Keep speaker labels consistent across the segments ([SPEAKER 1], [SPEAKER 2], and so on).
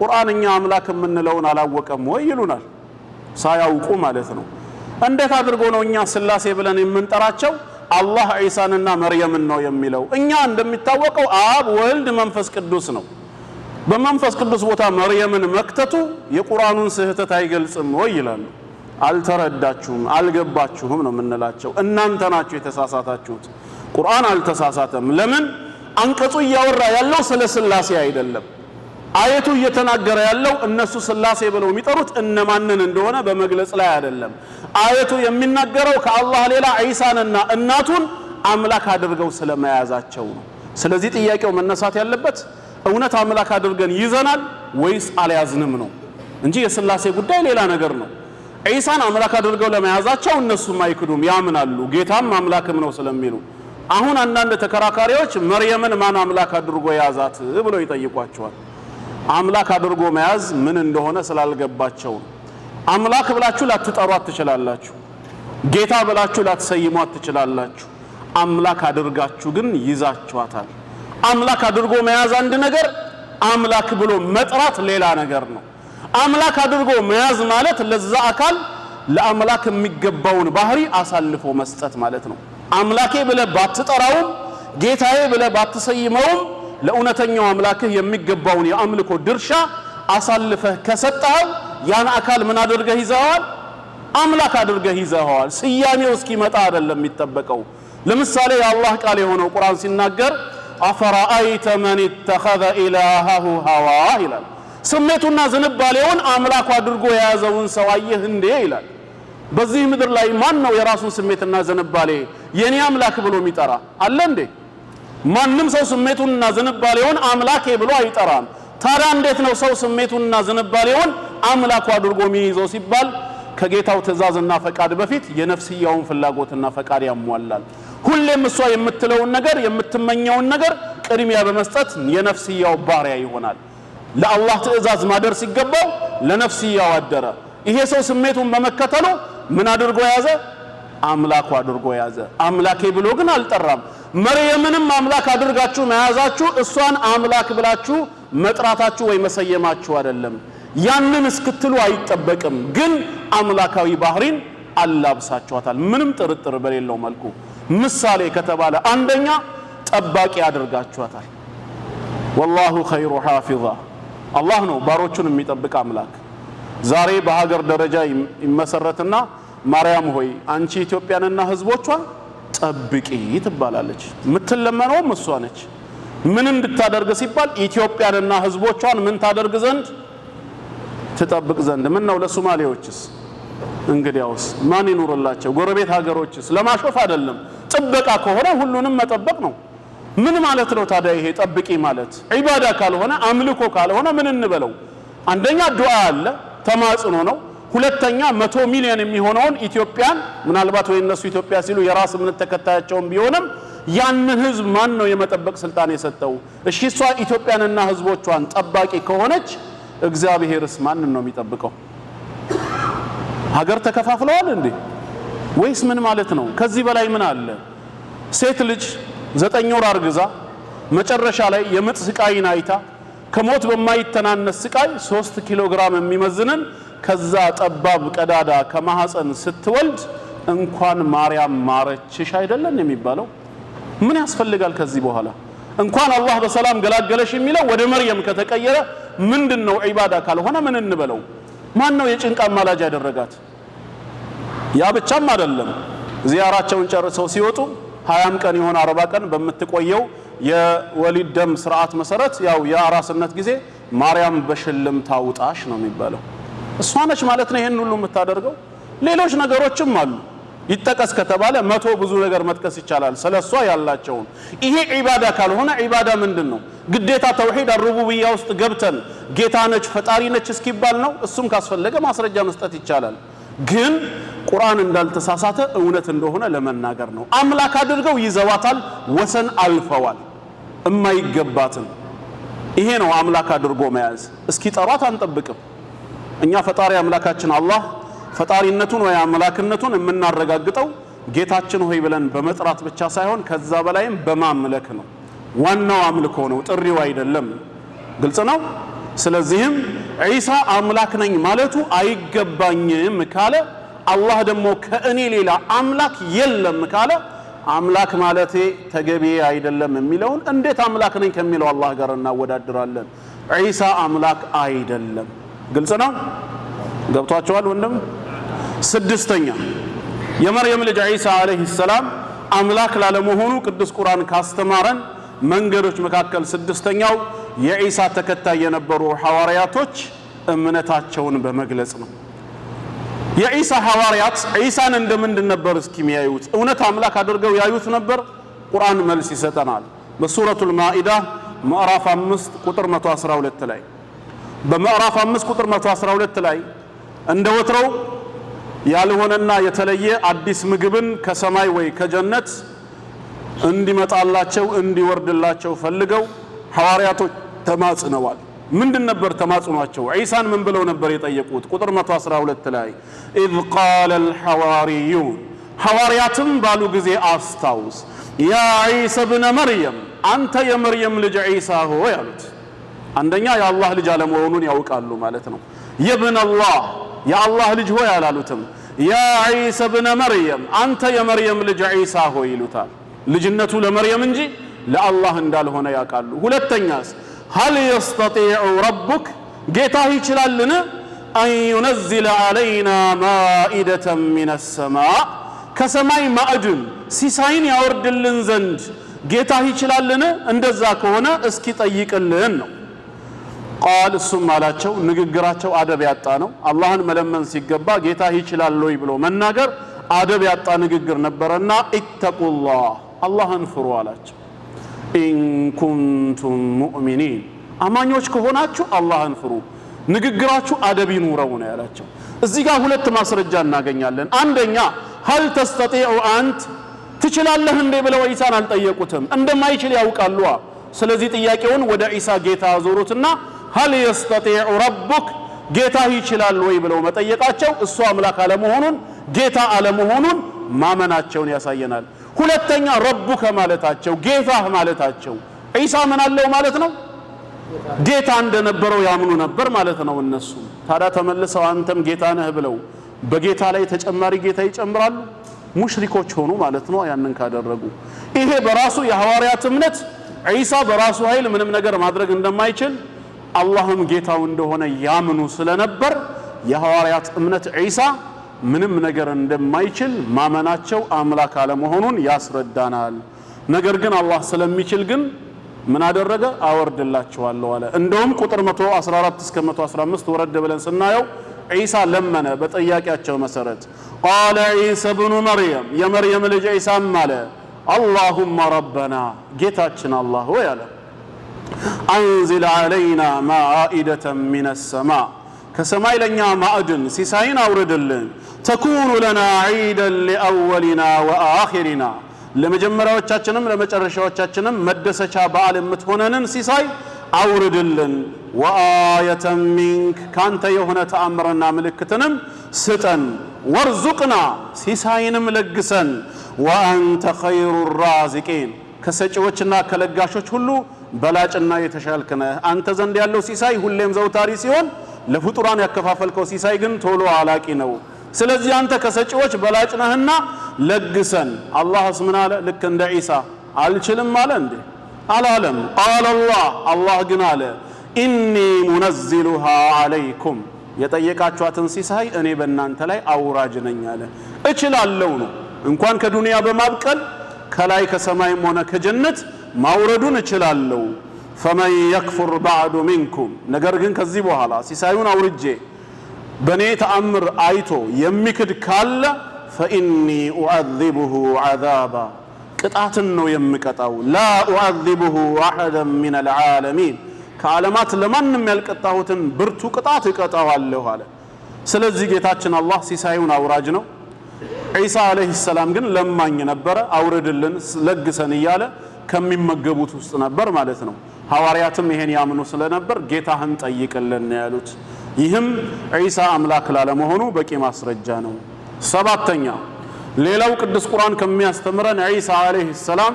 [SPEAKER 1] ቁርአን እኛ አምላክ የምንለውን አላወቀም ወይ ይሉናል። ሳያውቁ ማለት ነው። እንዴት አድርጎ ነው እኛ ስላሴ ብለን የምንጠራቸው? አላህ ዒሳንና መርየምን ነው የሚለው። እኛ እንደሚታወቀው አብ፣ ወልድ፣ መንፈስ ቅዱስ ነው። በመንፈስ ቅዱስ ቦታ መርየምን መክተቱ የቁርአኑን ስህተት አይገልጽም ወይ ይላሉ። አልተረዳችሁም፣ አልገባችሁም ነው የምንላቸው። እናንተ ናችሁ የተሳሳታችሁት። ቁርአን አልተሳሳተም። ለምን አንቀጹ እያወራ ያለው ስለ ስላሴ አይደለም። አየቱ እየተናገረ ያለው እነሱ ስላሴ ብለው የሚጠሩት እነማንን እንደሆነ በመግለጽ ላይ አይደለም። አየቱ የሚናገረው ከአላህ ሌላ ዒሳንና እናቱን አምላክ አድርገው ስለመያዛቸው ነው። ስለዚህ ጥያቄው መነሳት ያለበት እውነት አምላክ አድርገን ይዘናል ወይስ አልያዝንም ነው እንጂ የስላሴ ጉዳይ ሌላ ነገር ነው። ዒሳን አምላክ አድርገው ለመያዛቸው እነሱም አይክዱም፣ ያምናሉ። ጌታም አምላክም ነው ስለሚሉ አሁን አንዳንድ ተከራካሪዎች መርየምን ማን አምላክ አድርጎ የያዛት ብለው ይጠይቋቸዋል። አምላክ አድርጎ መያዝ ምን እንደሆነ ስላልገባቸው ነው። አምላክ ብላችሁ ላትጠሯት ትችላላችሁ። ጌታ ብላችሁ ላትሰይሟት ትችላላችሁ። አምላክ አድርጋችሁ ግን ይዛችኋታል። አምላክ አድርጎ መያዝ አንድ ነገር፣ አምላክ ብሎ መጥራት ሌላ ነገር ነው። አምላክ አድርጎ መያዝ ማለት ለዛ አካል ለአምላክ የሚገባውን ባህሪ አሳልፎ መስጠት ማለት ነው። አምላኬ ብለ ባትጠራውም ጌታዬ ብለ ባትሰይመውም ለእውነተኛው አምላክህ የሚገባውን የአምልኮ ድርሻ አሳልፈህ ከሰጠኸው ያን አካል ምን አድርገህ ይዘኸዋል? አምላክ አድርገህ ይዘኸዋል። ስያሜው እስኪመጣ አይደለም የሚጠበቀው። ለምሳሌ የአላህ ቃል የሆነው ቁርአን ሲናገር አፈራአይተ መን ተኸዘ ኢላሃሁ ሀዋ ይላል። ስሜቱና ዝንባሌውን አምላኩ አድርጎ የያዘውን ሰው አየህ እንዴ ይላል። በዚህ ምድር ላይ ማን ነው የራሱን ስሜትና ዝንባሌ የኔ አምላክ ብሎ የሚጠራ አለ እንዴ? ማንም ሰው ስሜቱንና ዝንባሌውን አምላኬ ብሎ አይጠራም። ታዲያ እንዴት ነው ሰው ስሜቱንና ዝንባሌውን አምላኩ አድርጎ የሚይዘው ሲባል ከጌታው ትእዛዝና ፈቃድ በፊት የነፍስያውን ፍላጎትና ፈቃድ ያሟላል። ሁሌም እሷ የምትለውን ነገር የምትመኘውን ነገር ቅድሚያ በመስጠት የነፍስያው ባሪያ ይሆናል። ለአላህ ትእዛዝ ማደር ሲገባው ለነፍስያው አደረ። ይሄ ሰው ስሜቱን በመከተሉ ምን አድርጎ ያዘ? አምላኩ አድርጎ ያዘ። አምላኬ ብሎ ግን አልጠራም። መርየምንም አምላክ አድርጋችሁ መያዛችሁ እሷን አምላክ ብላችሁ መጥራታችሁ ወይ መሰየማችሁ አይደለም። ያንን እስክትሉ አይጠበቅም። ግን አምላካዊ ባህሪን አላብሳችኋታል፣ ምንም ጥርጥር በሌለው መልኩ። ምሳሌ ከተባለ አንደኛ ጠባቂ አድርጋችኋታል። ወላሁ ኸይሩ ሐፊዛ አላህ ነው ባሮቹን የሚጠብቅ አምላክ። ዛሬ በሀገር ደረጃ ይመሰረትና ማርያም ሆይ አንቺ ኢትዮጵያንና ህዝቦቿ ጠብቂ ትባላለች። የምትለመነውም እሷ ነች። ምን እንድታደርግ ሲባል ኢትዮጵያንና ህዝቦቿን ምን ታደርግ ዘንድ ትጠብቅ ዘንድ። ምን ነው ለሶማሌዎችስ? እንግዲያውስ ማን ይኑርላቸው? ጎረቤት ሀገሮችስ? ለማሾፍ አይደለም፣ ጥበቃ ከሆነ ሁሉንም መጠበቅ ነው። ምን ማለት ነው ታዲያ ይሄ ጠብቂ ማለት? ዒባዳ ካልሆነ አምልኮ ካልሆነ ምን እንበለው? አንደኛ ዱዓ አለ፣ ተማጽኖ ነው። ሁለተኛ መቶ ሚሊዮን የሚሆነውን ኢትዮጵያን ምናልባት ወይ እነሱ ኢትዮጵያ ሲሉ የራስ እምነት ተከታያቸውን ቢሆንም ያንን ህዝብ ማን ነው የመጠበቅ ስልጣን የሰጠው? እሺ እሷ ኢትዮጵያንና ህዝቦቿን ጠባቂ ከሆነች እግዚአብሔርስ ማንን ነው የሚጠብቀው? ሀገር ተከፋፍለዋል እንዴ? ወይስ ምን ማለት ነው? ከዚህ በላይ ምን አለ? ሴት ልጅ ዘጠኝ ወር አርግዛ መጨረሻ ላይ የምጥ ስቃይን አይታ ከሞት በማይተናነስ ስቃይ ሶስት ኪሎ ግራም የሚመዝንን ከዛ ጠባብ ቀዳዳ ከማህፀን ስትወልድ እንኳን ማርያም ማረችሽ አይደለም የሚባለው? ምን ያስፈልጋል ከዚህ በኋላ? እንኳን አላህ በሰላም ገላገለሽ የሚለው ወደ መርየም ከተቀየረ ምንድን ነው ዒባዳ ካልሆነ ምን እንበለው? ማን ነው የጭንቃ ማላጅ ያደረጋት? ያ ብቻም አይደለም። ዚያራቸውን ጨርሰው ሲወጡ ሀያም ቀን የሆነ አርባ ቀን በምትቆየው የወሊድ ደም ስርዓት መሰረት ያው የአራስነት ጊዜ ማርያም በሽልም ታውጣሽ ነው የሚባለው። እሷ ነች ማለት ነው ይሄን ሁሉ የምታደርገው። ሌሎች ነገሮችም አሉ። ይጠቀስ ከተባለ መቶ ብዙ ነገር መጥቀስ ይቻላል ስለ እሷ ያላቸውን። ይሄ ዒባዳ ካልሆነ ዒባዳ ምንድን ነው? ግዴታ ተውሂድ አሩቡብያ ውስጥ ገብተን ጌታ ነች ፈጣሪ ነች እስኪባል ነው። እሱም ካስፈለገ ማስረጃ መስጠት ይቻላል። ግን ቁርአን እንዳልተሳሳተ እውነት እንደሆነ ለመናገር ነው። አምላክ አድርገው ይዘዋታል፣ ወሰን አልፈዋል፣ እማይገባትም። ይሄ ነው አምላክ አድርጎ መያዝ። እስኪጠሯት አንጠብቅም። እኛ ፈጣሪ አምላካችን አላህ ፈጣሪነቱን ወይ አምላክነቱን የምናረጋግጠው ጌታችን ሆይ ብለን በመጥራት ብቻ ሳይሆን ከዛ በላይም በማምለክ ነው። ዋናው አምልኮ ነው፣ ጥሪው አይደለም። ግልጽ ነው። ስለዚህም ዒሳ አምላክ ነኝ ማለቱ አይገባኝም ካለ፣ አላህ ደግሞ ከእኔ ሌላ አምላክ የለም ካለ አምላክ ማለቴ ተገቢ አይደለም የሚለውን እንዴት አምላክ ነኝ ከሚለው አላህ ጋር እናወዳድራለን? ዒሳ አምላክ አይደለም። ግልጽ ነው ገብቷቸዋል ወንድም ስድስተኛ የመርየም ልጅ ዒሳ አለይሂ ሰላም አምላክ ላለመሆኑ ቅዱስ ቁርአን ካስተማረን መንገዶች መካከል ስድስተኛው የዒሳ ተከታይ የነበሩ ሐዋርያቶች እምነታቸውን በመግለጽ ነው። የዒሳ ሐዋርያት ዒሳን እንደ ምንድን ነበር እስኪ የሚያዩት? እውነት አምላክ አድርገው ያዩት ነበር? ቁርአን መልስ ይሰጠናል። በሱረቱል ማኢዳ ምዕራፍ 5 ቁጥር 112 ላይ በምዕራፍ 5 ቁጥር 112 ላይ እንደ ወትሮው ያልሆነና የተለየ አዲስ ምግብን ከሰማይ ወይ ከጀነት እንዲመጣላቸው እንዲወርድላቸው ፈልገው ሐዋርያቶች ተማጽነዋል። ምንድን ነበር ተማጽኗቸው? ዒሳን ምን ብለው ነበር የጠየቁት? ቁጥር 112 ላይ ኢዝ ቃለ አልሐዋርዩን ሐዋርያትም ባሉ ጊዜ አስታውስ ያ ዒሳ ብነ መርየም አንተ የመርየም ልጅ ዒሳ ሆይ አሉት። አንደኛ የአላህ ልጅ አለመሆኑን ያውቃሉ ማለት ነው። የብን አላህ የአላህ ልጅ ሆይ አላሉትም። ያ ዒሳ ብነ መርየም አንተ የመርየም ልጅ ዒሳ ሆይ ይሉታል። ልጅነቱ ለመርየም እንጂ ለአላህ እንዳልሆነ ያውቃሉ። ሁለተኛስ ሀል የስተጢዑ ረቡክ ጌታህ ይችላልን አን ዩነዝለ ዓለይና ማኢደተን ሚነ ሰማ ከሰማይ ማዕድን ሲሳይን ያወርድልን ዘንድ ጌታህ ይችላልን? እንደዛ ከሆነ እስኪ ጠይቅልን ነው። ቃል እሱም አላቸው ንግግራቸው አደብ ያጣ ነው። አላህን መለመን ሲገባ ጌታ ይችላል ወይ ብሎ መናገር አደብ ያጣ ንግግር ነበረና ኢተቁላህ አላህን ፍሩ አላቸው። ኢንኩንቱም ሙእሚኒን አማኞች ከሆናችሁ አላህን ፍሩ፣ ንግግራችሁ አደብ ይኑረው ነው ያላቸው። እዚህ ጋር ሁለት ማስረጃ እናገኛለን። አንደኛ ሀል ተስተጢዑ አንት ትችላለህ እንዴ ብለው ዒሳን አልጠየቁትም፣ እንደማይችል ያውቃሉ። ስለዚህ ጥያቄውን ወደ ኢሳ ጌታ አዞሩትና ሀል የስተጢዑ ረቡክ ጌታህ ይችላል ወይ ብለው መጠየቃቸው እሱ አምላክ አለመሆኑን ጌታ አለመሆኑን ማመናቸውን ያሳየናል። ሁለተኛ ረቡከ ማለታቸው ጌታህ ማለታቸው ዒሳ ምን አለው ማለት ነው ጌታ እንደነበረው ያምኑ ነበር ማለት ነው። እነሱ ታዲያ ተመልሰው አንተም ጌታ ነህ ብለው በጌታ ላይ ተጨማሪ ጌታ ይጨምራሉ። ሙሽሪኮች ሆኑ ማለት ነው ያንን ካደረጉ። ይሄ በራሱ የሐዋርያት እምነት ዒሳ በራሱ ኃይል ምንም ነገር ማድረግ እንደማይችል አላህም ጌታው እንደሆነ ያምኑ ስለነበር የሐዋርያት እምነት ዒሳ ምንም ነገር እንደማይችል ማመናቸው አምላክ አለመሆኑን ያስረዳናል። ነገር ግን አላህ ስለሚችል ግን ምን አደረገ? አወርድላችኋለሁ አለ። እንደውም ቁጥር 114 እስከ 115 ወረድ ብለን ስናየው ዒሳ ለመነ። በጠያቂያቸው መሰረት ቃለ ዒሳ ብኑ መርየም የመርየም ልጅ ዒሳም አለ አላሁማ ረበና ጌታችን አላህ ወይ አለ አንዝል ዓለይና ማኢደተን ሚነ ሰማ ከሰማይ ለእኛ ማዕድን ሲሳይን አውርድልን። ተኩኑ ለና ዒደን ሊአወሊና ወአኺሪና ለመጀመሪያዎቻችንም ለመጨረሻዎቻችንም መደሰቻ በዓል የምትሆነንን ሲሳይ አውርድልን። ወአየተን ሚንክ ካንተ የሆነ ተአምርና ምልክትንም ስጠን። ወርዙቅና ሲሳይንም ለግሰን። ወአንተ ኸይሩ ራዚቂን ከሰጪዎችና ከለጋሾች ሁሉ በላጭና የተሻልክ ነህ። አንተ ዘንድ ያለው ሲሳይ ሁሌም ዘውታሪ ሲሆን ለፍጡራን ያከፋፈልከው ሲሳይ ግን ቶሎ አላቂ ነው። ስለዚህ አንተ ከሰጪዎች በላጭ ነህና ለግሰን። አላህስ ምን አለ? ልክ እንደ ዒሳ አልችልም አለ እንዴ? አላለም። ቃለ ላህ አላህ ግን አለ ኢኒ ሙነዚሉሃ አለይኩም የጠየቃችኋትን ሲሳይ እኔ በእናንተ ላይ አውራጅ ነኝ አለ። እችላለሁ ነው እንኳን ከዱንያ በማብቀል ከላይ ከሰማይም ሆነ ከጀነት ማውረዱን እችላለሁ። ፈመን የክፉር ባዕዱ ሚንኩም፣ ነገር ግን ከዚህ በኋላ ሲሳዩን አውርጄ በእኔ ተአምር አይቶ የሚክድ ካለ ፈኢኒ ኡዓዚቡሁ ዓዛባ ቅጣትን ነው የምቀጣው። ላ ኡዓዚቡሁ አሐደን ሚን አልዓለሚን ከዓለማት ለማንም ያልቀጣሁትን ብርቱ ቅጣት እቀጣዋለሁ አለ። ስለዚህ ጌታችን አላህ ሲሳዩን አውራጅ ነው። ዒሳ ዓለይሂ ሰላም ግን ለማኝ ነበረ፣ አውርድልን ለግሰን እያለ ከሚመገቡት ውስጥ ነበር ማለት ነው። ሐዋርያትም ይሄን ያምኑ ስለነበር ጌታህን ጠይቅልን ያሉት፣ ይህም ዒሳ አምላክ ላለመሆኑ በቂ ማስረጃ ነው። ሰባተኛ ሌላው ቅዱስ ቁርአን ከሚያስተምረን ዒሳ አለይሂ ሰላም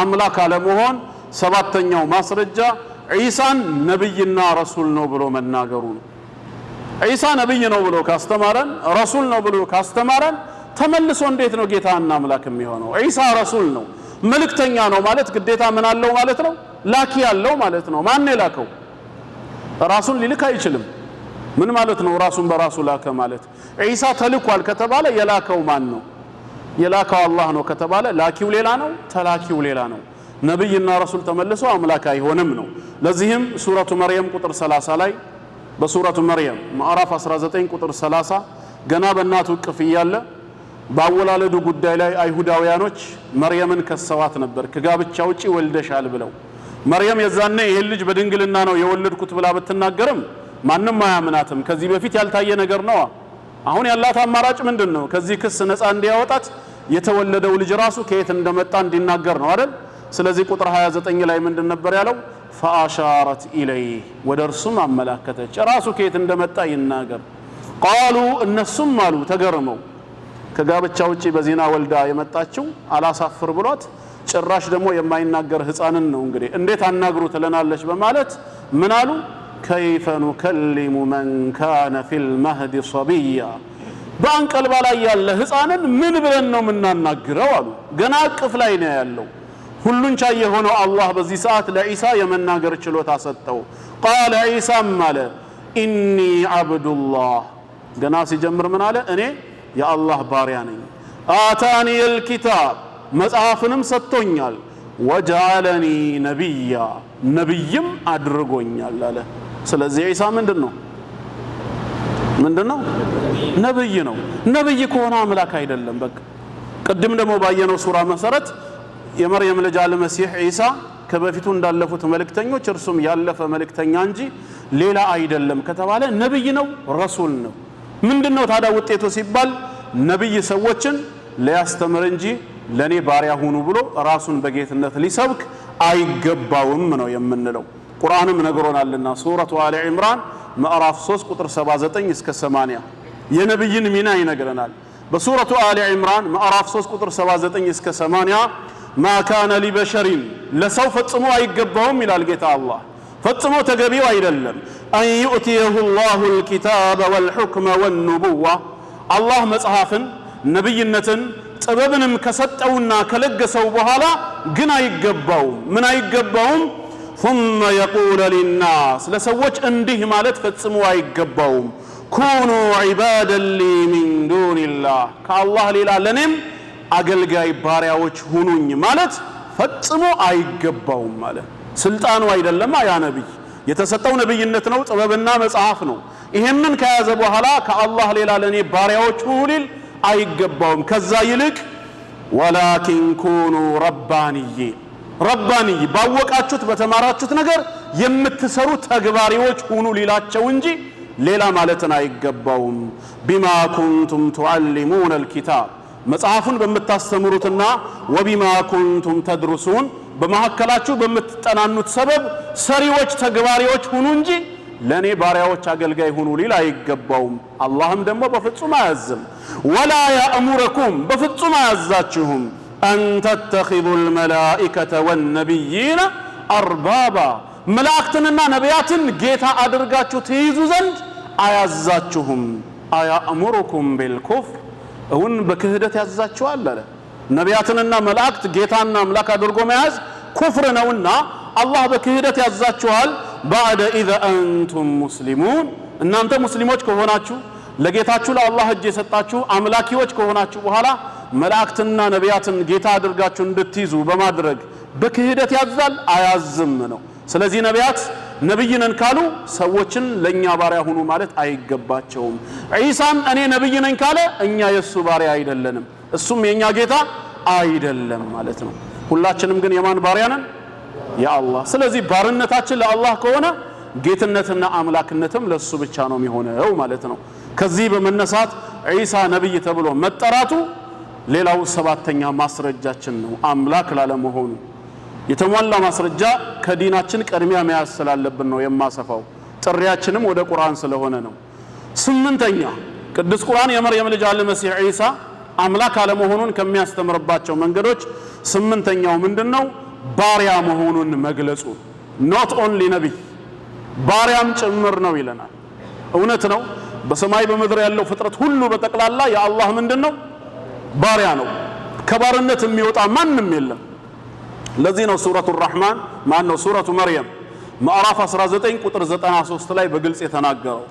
[SPEAKER 1] አምላክ አለመሆን ሰባተኛው ማስረጃ ዒሳን ነብይና ረሱል ነው ብሎ መናገሩ ነው። ዒሳ ነብይ ነው ብሎ ካስተማረን፣ ረሱል ነው ብሎ ካስተማረን ተመልሶ እንዴት ነው ጌታና አምላክ የሚሆነው? ዒሳ ረሱል ነው። መልእክተኛ ነው ማለት ግዴታ ምን አለው ማለት ነው? ላኪ ያለው ማለት ነው። ማን የላከው? ራሱን ሊልክ አይችልም። ምን ማለት ነው? ራሱን በራሱ ላከ ማለት። ዒሳ ተልኳል ከተባለ የላከው ማን ነው? የላከው አላህ ነው ከተባለ ላኪው ሌላ ነው፣ ተላኪው ሌላ ነው። ነብይና ረሱል ተመልሶ አምላክ አይሆንም ነው። ለዚህም ሱረቱ መርየም ቁጥር 30 ላይ በሱረቱ መርየም ማዕራፍ 19 ቁጥር 30 ገና በእናቱ እቅፍ እያለ ባወላለዱ ጉዳይ ላይ አይሁዳውያኖች መርየምን ከሰዋት ነበር ከጋብቻ ውጪ ወልደሻል ብለው። መርየም የዛኔ ይሄን ልጅ በድንግልና ነው የወለድኩት ብላ ብትናገርም ማንም አያምናትም። ከዚህ በፊት ያልታየ ነገር ነዋ። አሁን ያላት አማራጭ ምንድን ነው? ከዚህ ክስ ነፃ እንዲያወጣት የተወለደው ልጅ ራሱ ከየት እንደመጣ እንዲናገር ነው አይደል? ስለዚህ ቁጥር 29 ላይ ምንድን ነበር ያለው? ፈአሻረት ኢለይህ ወደ እርሱም አመላከተች። ራሱ ከየት እንደመጣ ይናገር። ቃሉ እነሱም አሉ ተገርመው ከጋብቻ ውጪ በዜና ወልዳ የመጣችው አላሳፍር ብሏት ጭራሽ ደግሞ የማይናገር ህፃንን ነው እንግዲህ እንዴት አናግሩ ትለናለች በማለት ምን አሉ? ከይፈ ኑከሊሙ መን ካነ ፊል መህዲ ሰቢያ በአንቀልባ ላይ ያለ ህፃንን ምን ብለን ነው የምናናግረው አሉ። ገና እቅፍ ላይ ነው ያለው። ሁሉን ቻ የሆነው አላህ በዚህ ሰዓት ለዒሳ የመናገር ችሎታ ሰጠው። ቃለ ዒሳም አለ ኢኒ ዐብዱላህ ገና ሲጀምር ምን አለ እኔ የአላህ ባሪያ ነኝ። አታኒ ልኪታብ መጽሐፍንም ሰጥቶኛል። ወጃለኒ ነቢያ ነቢይም አድርጎኛል አለ። ስለዚህ ዒሳ ምንድን ነው ምንድን ነው? ነብይ ነው። ነብይ ከሆነ አምላክ አይደለም። በቃ ቅድም ደግሞ ባየነው ሱራ መሰረት የመርየም ልጅ አልመሲህ ዒሳ ከበፊቱ እንዳለፉት መልእክተኞች እርሱም ያለፈ መልእክተኛ እንጂ ሌላ አይደለም ከተባለ ነብይ ነው፣ ረሱል ነው። ምንድነው ታዲያ ውጤቱ ሲባል ነብይ ሰዎችን ሊያስተምር እንጂ ለኔ ባሪያ ሁኑ ብሎ ራሱን በጌትነት ሊሰብክ አይገባውም ነው የምንለው። ቁርአንም ነግሮናልና ሱረቱ አለ ዒምራን ምዕራፍ 3 ቁጥር 79 እስከ 80 የነብይን ሚና ይነግረናል። በሱረቱ አለ ዒምራን ምዕራፍ 3 ቁጥር 79 እስከ 80 ማካነ ሊበሸሪን ለሰው ፈጽሞ አይገባውም ይላል ጌታ አላህ። ፈጽሞ ተገቢው አይደለም። አን ዩእትየሁ ላሁ ልኪታበ ወልሑክመ ወኑቡዋ አላህ መጽሐፍን ነቢይነትን ጥበብንም ከሰጠውና ከለገሰው በኋላ ግን አይገባውም። ምን አይገባውም? ثመ የቁለ ሊናስ ለሰዎች እንዲህ ማለት ፈጽሞ አይገባውም። ኩኑ ዒባደን ሊ ሚን ዱንላህ ከአላህ ሌላ ለእኔም አገልጋይ ባሪያዎች ሁኑኝ ማለት ፈጽሞ አይገባውም። ማለት ስልጣኑ አይደለማ ያ ነቢይ የተሰጠው ነብይነት ነው፣ ጥበብና መጽሐፍ ነው። ይሄንን ከያዘ በኋላ ከአላህ ሌላ ለኔ ባሪያዎች ሁሉ ሊል አይገባውም። ከዛ ይልቅ ወላኪን ኩኑ ረባንዬ ረባንዬ ባወቃችሁት በተማራችሁት ነገር የምትሰሩ ተግባሪዎች ሁኑ ሊላቸው እንጂ ሌላ ማለትን አይገባውም። ቢማ ኩንቱም ቱዓሊሙን አልኪታብ መጽሐፉን በምታስተምሩትና ወቢማ ኩንቱም ተድሩሱን በመካከላችሁ በምትጠናኑት ሰበብ ሰሪዎች ተግባሪዎች ሁኑ እንጂ ለእኔ ባሪያዎች አገልጋይ ሁኑ ሊል አይገባውም። አላህም ደግሞ በፍጹም አያዝም። ወላ ያእሙረኩም በፍጹም አያዛችሁም አን ተተኪዙ ልመላኢከተ ወነቢይነ አርባባ መላእክትንና ነቢያትን ጌታ አድርጋችሁ ትይዙ ዘንድ አያዛችሁም። አያእሙሩኩም ቢልኩፍር እውን በክህደት ያዛችኋል አለ። ነቢያትንና መላእክት ጌታና አምላክ አድርጎ መያዝ ኩፍር ነውና አላህ በክህደት ያዛችኋል። ባዕደ ኢዘ አንቱም ሙስሊሙን እናንተ ሙስሊሞች ከሆናችሁ ለጌታችሁ ለአላህ እጅ የሰጣችሁ አምላኪዎች ከሆናችሁ በኋላ መላእክትና ነቢያትን ጌታ አድርጋችሁ እንድትይዙ በማድረግ በክህደት ያዛል አያዝም ነው። ስለዚህ ነቢያት ነብይ ነን ካሉ ሰዎችን ለኛ ባሪያ ሁኑ ማለት አይገባቸውም። ዒሳም እኔ ነብይ ነኝ ካለ እኛ የሱ ባሪያ አይደለንም። እሱም የኛ ጌታ አይደለም ማለት ነው። ሁላችንም ግን የማን ባሪያ ነን? የአላህ። ስለዚህ ባርነታችን ለአላህ ከሆነ ጌትነትና አምላክነትም ለሱ ብቻ ነው የሚሆነው ማለት ነው። ከዚህ በመነሳት ዒሳ ነብይ ተብሎ መጠራቱ ሌላው ሰባተኛ ማስረጃችን ነው አምላክ ላለመሆኑ የተሟላ ማስረጃ ከዲናችን ቅድሚያ መያዝ ስላለብን ነው የማሰፋው። ጥሪያችንም ወደ ቁርአን ስለሆነ ነው። ስምንተኛ ቅዱስ ቁርአን የመርየም ልጅ አልመሲህ ዒሳ አምላክ አለመሆኑን ከሚያስተምርባቸው መንገዶች ስምንተኛው ምንድነው? ባሪያ መሆኑን መግለጹ። ኖት ኦንሊ ነቢይ ባሪያም ጭምር ነው ይለናል። እውነት ነው። በሰማይ በምድር ያለው ፍጥረት ሁሉ በጠቅላላ የአላህ ምንድነው? ባሪያ ነው። ከባርነት የሚወጣ ማንም የለም። ለዚህ ነው ሱረቱ ራህማን ማን ነው ሱረቱ መርየም ማዕራፍ 19 ቁጥር 93 ላይ በግልጽ የተናገረው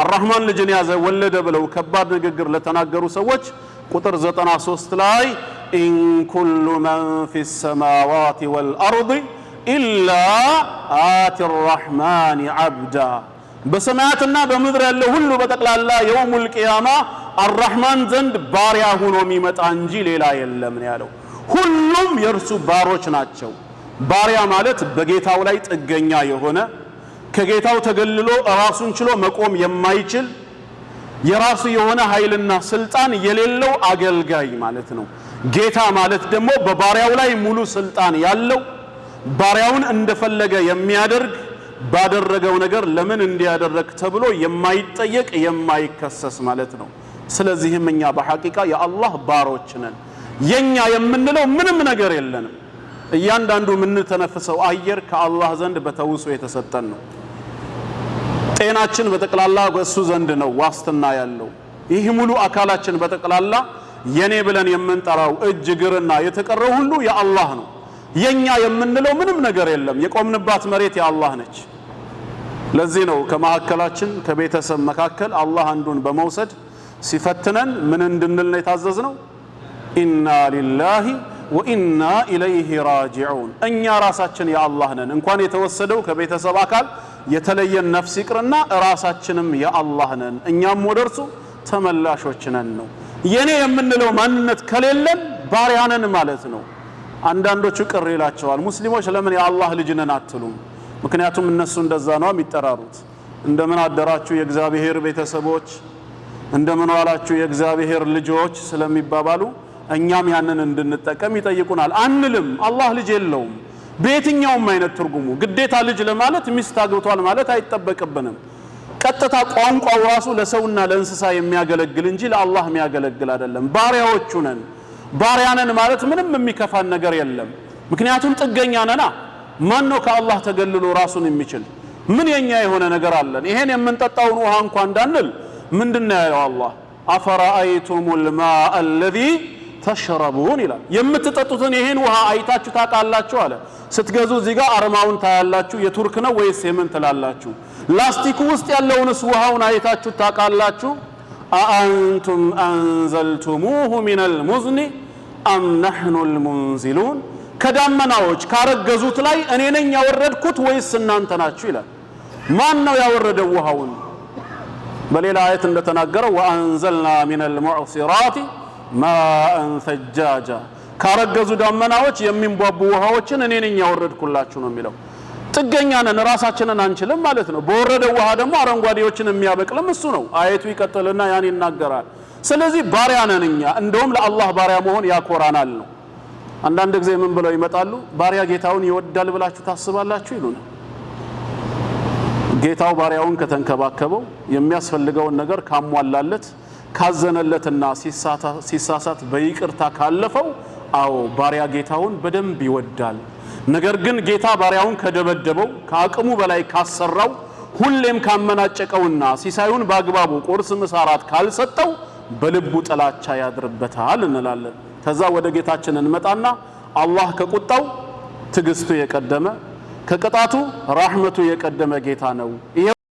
[SPEAKER 1] አራህማን ልጅን ያዘ ወለደ ብለው ከባድ ንግግር ለተናገሩ ሰዎች ቁጥር 93 ላይ ኢንኩሉ መን ፊ ሰማዋት ወልአርድ ኢላ አቲ ራሕማን ዓብዳ በሰማያትና በምድር ያለ ሁሉ በጠቅላላ የውሙል ቅያማ አራሕማን ዘንድ ባሪያ ሆኖ የሚመጣ እንጂ ሌላ የለም ያለው። ሁሉም የእርሱ ባሮች ናቸው። ባሪያ ማለት በጌታው ላይ ጥገኛ የሆነ ከጌታው ተገልሎ ራሱን ችሎ መቆም የማይችል የራሱ የሆነ ኃይልና ስልጣን የሌለው አገልጋይ ማለት ነው። ጌታ ማለት ደግሞ በባሪያው ላይ ሙሉ ስልጣን ያለው ባሪያውን እንደፈለገ የሚያደርግ ባደረገው ነገር ለምን እንዲያደረግ ተብሎ የማይጠየቅ የማይከሰስ ማለት ነው። ስለዚህም እኛ በሐቂቃ የአላህ ባሮች ነን። የኛ የምንለው ምንም ነገር የለንም። እያንዳንዱ የምንተነፍሰው አየር ከአላህ ዘንድ በተውሶ የተሰጠን ነው። ጤናችን በጠቅላላ በእሱ ዘንድ ነው ዋስትና ያለው። ይህ ሙሉ አካላችን በጠቅላላ የኔ ብለን የምንጠራው እጅ እግርና የተቀረው ሁሉ የአላህ ነው። የኛ የምንለው ምንም ነገር የለም። የቆምንባት መሬት የአላህ ነች። ለዚህ ነው ከመካከላችን ከቤተሰብ መካከል አላህ አንዱን በመውሰድ ሲፈትነን ምን እንድንል ነው የታዘዝነው? ኢና ሊላሂ ወኢና ኢለይሂ ራጂዑን። እኛ ራሳችን የአላህ ነን። እንኳን የተወሰደው ከቤተሰብ አካል የተለየን ነፍስ ይቅርና ራሳችንም የአላህ ነን፣ እኛም ወደ እርሱ ተመላሾች ነን ነው። የኔ የምንለው ማንነት ከሌለን ባሪያ ነን ማለት ነው። አንዳንዶቹ ቅር ይላቸዋል። ሙስሊሞች ለምን የአላህ ልጅ ነን አትሉም? ምክንያቱም እነሱ እንደዛ ነው የሚጠራሩት። እንደምን አደራችሁ የእግዚአብሔር ቤተሰቦች፣ እንደምን ዋላችሁ የእግዚአብሔር ልጆች ስለሚባባሉ እኛም ያንን እንድንጠቀም ይጠይቁናል። አንልም፣ አላህ ልጅ የለውም። በየትኛውም አይነት ትርጉሙ ግዴታ ልጅ ለማለት ሚስት አግብቷል ማለት አይጠበቅብንም። ቀጥታ ቋንቋው ራሱ ለሰውና ለእንስሳ የሚያገለግል እንጂ ለአላህ የሚያገለግል አይደለም። ባሪያዎቹ ነን። ባሪያ ነን ማለት ምንም የሚከፋን ነገር የለም። ምክንያቱም ጥገኛ ነና። ማን ነው ከአላህ ተገልሎ ራሱን የሚችል? ምን የኛ የሆነ ነገር አለን? ይሄን የምንጠጣውን ውሃ እንኳ እንዳንል ምንድን ነው ያለው አላህ አፈራአይቱሙል ማአ አለዚ ተሽረቡን ይላል። የምትጠጡትን ይህን ውሃ አይታችሁ ታውቃላችሁ አለ። ስትገዙ እዚህ ጋር አርማውን ታያላችሁ። የቱርክ ነው ወይስ የምን ትላላችሁ? ላስቲኩ ውስጥ ያለውንስ ውሃውን አይታችሁ ታውቃላችሁ? አአንቱም አንዘልቱሙሁ ሚነል ሙዝኒ አም ነሕኑል ልሙንዚሉን ከዳመናዎች ካረገዙት ላይ እኔ ነኝ ያወረድኩት ወይስ እናንተ ናችሁ ይላል። ማን ነው ያወረደው ውሃውን? በሌላ አየት እንደተናገረው ወአንዘልና ሚነል ሙዕሲራቲ ማአን ሰጃጃ ካረገዙ ዳመናዎች የሚንቧቡ ውሃዎችን እኔ ነኝ ያወረድኩላችሁ ነው የሚለው። ጥገኛ ነን፣ ራሳችንን አንችልም ማለት ነው። በወረደ ውሃ ደግሞ አረንጓዴዎችን የሚያበቅልም እሱ ነው። አየቱ ይቀጥልና ያን ይናገራል። ስለዚህ ባሪያ ነን እኛ። እንደውም ለአላህ ባሪያ መሆን ያኮራናል ነው። አንዳንድ ጊዜ ምን ብለው ይመጣሉ? ባሪያ ጌታውን ይወዳል ብላችሁ ታስባላችሁ ይሉና ጌታው ባሪያውን ከተንከባከበው የሚያስፈልገውን ነገር ካሟላለት ካዘነለትና ሲሳሳት በይቅርታ ካለፈው፣ አዎ ባሪያ ጌታውን በደንብ ይወዳል። ነገር ግን ጌታ ባሪያውን ከደበደበው፣ ከአቅሙ በላይ ካሰራው፣ ሁሌም ካመናጨቀውና ሲሳዩን በአግባቡ ቁርስ፣ ምሳ፣ ራት ካልሰጠው በልቡ ጥላቻ ያድርበታል እንላለን። ከዛ ወደ ጌታችን እንመጣና አላህ ከቁጣው ትዕግስቱ የቀደመ ከቅጣቱ ራህመቱ የቀደመ ጌታ ነው።